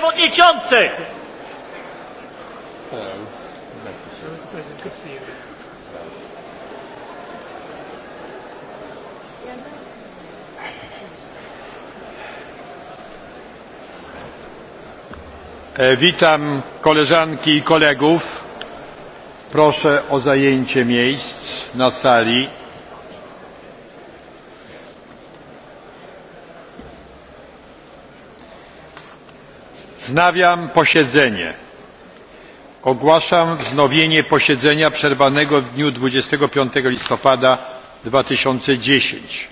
Przewodniczący! E, witam koleżanki i kolegów. Proszę o zajęcie miejsc na sali. Wznawiam posiedzenie. Ogłaszam wznowienie posiedzenia przerwanego w dniu 25 listopada 2010.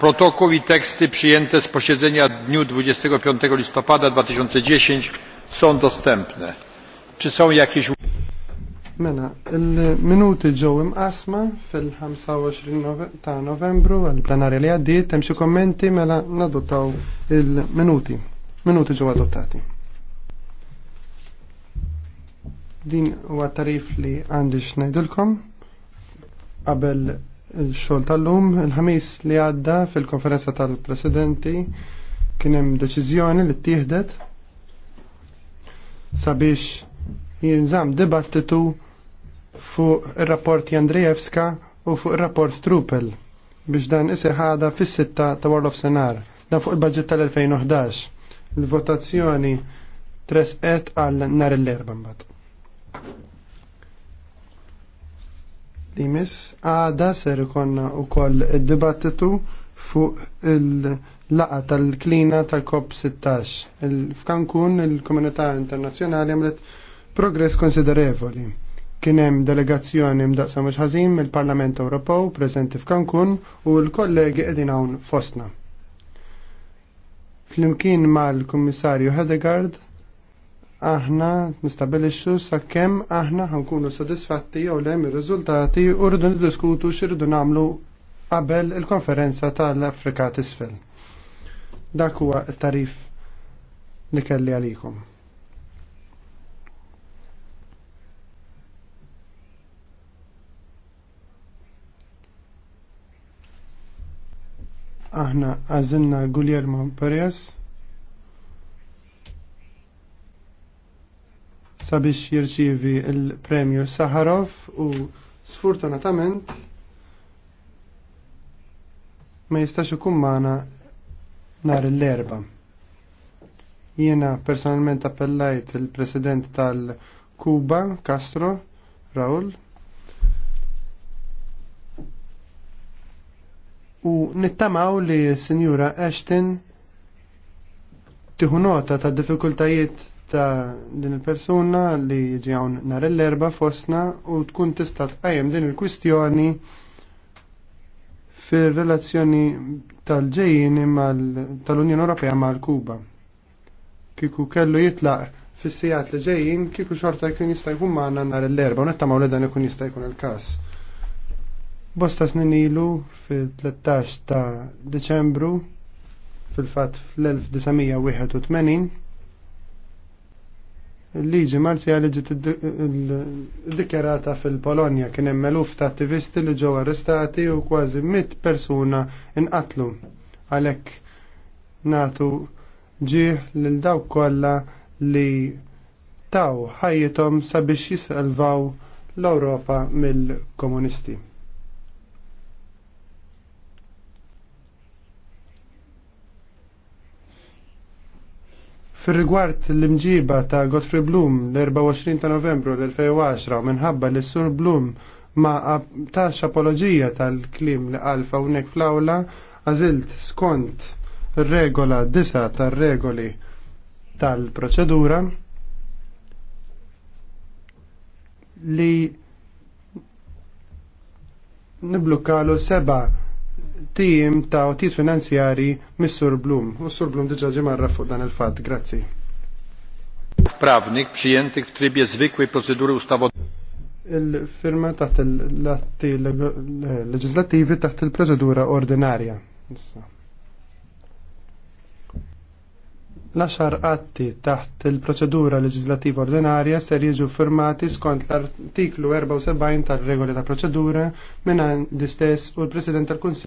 Protokół i teksty przyjęte z posiedzenia w dniu 25 listopada 2010 są dostępne. Czy są jakieś Mena, il-minuti ġew imqasma fil-25 ta' novembru għal-plenarja li għaddiet temxu kommenti mela nadutaw il-minuti. Minuti ġew adottati. Din huwa tarif li għandi x'ngħidilkom qabel il-xogħol tal-lum il-ħamis li għadda fil-konferenza tal-presidenti kien hemm deċiżjoni li ttieħdet sabiex jinżamm dibattitu fuq ir-rapport Jandrijevska u fuq ir-rapport Trupel biex dan isseħada fis-sitta ta' World of Senar dan fuq il-budget tal-2011 l-votazzjoni tresqet għal nar l-erba mbagħad. Dimis, għada ser ikonna wkoll id-dibattitu fuq il-laqa tal-klina tal-COP 16. F'Kankun il-komunità internazzjonali għamlet progress konsiderevoli. Kien hemm delegazzjoni mdaqsa mhux ħażin mill-Parlament Ewropew preżenti f'Kankun u l-kollegi edin hawn fostna. Flimkien mal-Kummissarju Hedegard aħna nistabilixxu sakemm aħna ħankunu sodisfatti jew le mir-riżultati u rridu niddiskutu x'irridu nagħmlu qabel il-konferenza tal-Afrika t'isfel. Dak huwa t tarif li kelli għalikom. aħna għazinna Guglielmo Perez sabiex jirċivi il-premju Saharov u sfortunatament ma jistax ikun magħna nhar l-erba. Jiena personalment appellajt il-President tal-Kuba, Castro, Raul, u nittamaw li Sinjura Ashton tiħu nota ta' diffikultajiet ta' din il-persuna li jiġi nar nhar l-erba' fostna u tkun tista' tqajjem din il-kwistjoni fir-relazzjoni tal-ġejjin tal-Unjoni Ewropea mal-Kuba. Kiku kellu jitlaq fis-sijat li ġejjin kieku xorta jkun jista' jkun magħna nhar l-erba' u nettamaw li dan ikun jista' jkun il-każ. Bosta snin ilu fil-13 ta' Deċembru fil-fat fl-1981 liġi marzjali ġiet dikjarata fil-Polonja kien hemm eluf ta' attivisti li ġew arrestati u kważi mit persuna inqatlu għalhekk natu ġieħ lil dawk kollha li taw ħajjithom sabiex jisalvaw l-Ewropa mill-komunisti. Fir-rigward l-imġiba ta' Godfrey Bloom l-24 ta' novembru l-2010 minħabba li sur Bloom ma tax apologija tal-klim li għalfa unek fl-awla għazilt skont regola disa tal-regoli tal-proċedura li niblukalu seba' tim ta' otit finanzjari mis-Sur Blum. U Sur Blum diġa ġemarra fuq dan il-fat. Grazzi. Prawnik przyjętych w trybie zwykłej procedury ustawodawczej. Il-firma taħt l-atti leġislativi taħt il-proċedura ordinarja. L-axar atti taħt il-proċedura leġislativa ordinarja ser jiġu firmati skont l-artiklu 74 tal-regoli ta' proċedura minn l-istess u l-President tal-Kunsill.